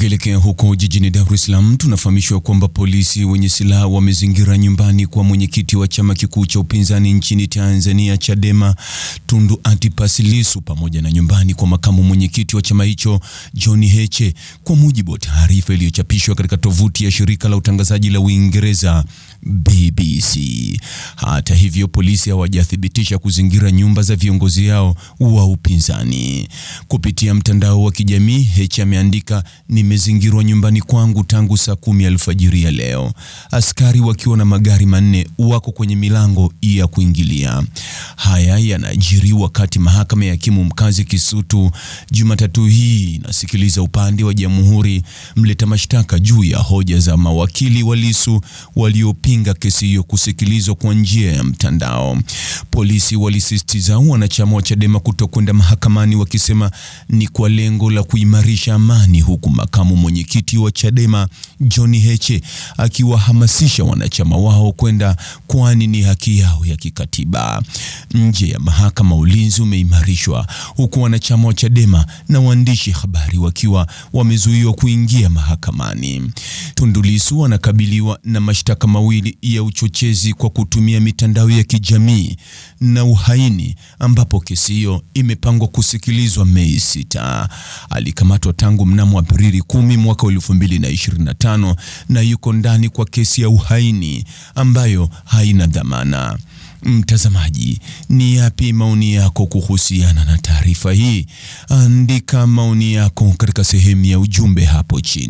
Tukielekea huko jijini Dar es Salaam, tunafahamishwa kwamba polisi wenye silaha wamezingira nyumbani kwa mwenyekiti wa chama kikuu cha upinzani nchini Tanzania Chadema, Tundu Antipas Lissu pamoja na nyumbani kwa makamu mwenyekiti wa chama hicho John Heche, kwa mujibu wa taarifa iliyochapishwa katika tovuti ya shirika la utangazaji la Uingereza BBC. Hata hivyo, polisi hawajathibitisha kuzingira nyumba za viongozi yao wa upinzani. Kupitia mtandao wa kijamii, Heche ameandika, nimezingirwa nyumbani kwangu tangu saa kumi alfajiri ya leo. Askari wakiwa na magari manne wako kwenye milango ya kuingilia. Haya yanajiri wakati mahakama ya hakimu mkazi Kisutu Jumatatu hii inasikiliza upande wa jamhuri mleta mashtaka juu ya hoja za mawakili wa Lissu walio kupinga kesi hiyo kusikilizwa kwa njia ya mtandao. Polisi walisisitiza wanachama wa Chadema kutokwenda mahakamani wakisema ni kwa lengo la kuimarisha amani, huku makamu mwenyekiti wa Chadema John Heche akiwahamasisha wanachama wao kwenda, kwani ni haki yao ya kikatiba. Nje ya mahakama, ulinzi umeimarishwa huku wanachama wa Chadema na waandishi habari wakiwa wamezuiwa kuingia mahakamani. Tundu Lissu anakabiliwa na mashtaka mawili ya uchochezi kwa kutumia mitandao ya kijamii na uhaini, ambapo kesi hiyo imepangwa kusikilizwa Mei sita. Alikamatwa tangu mnamo Aprili kumi mwaka 2025 na yuko ndani kwa kesi ya uhaini ambayo haina dhamana. Mtazamaji, ni yapi maoni yako kuhusiana na taarifa hii? Andika maoni yako katika sehemu ya ujumbe hapo chini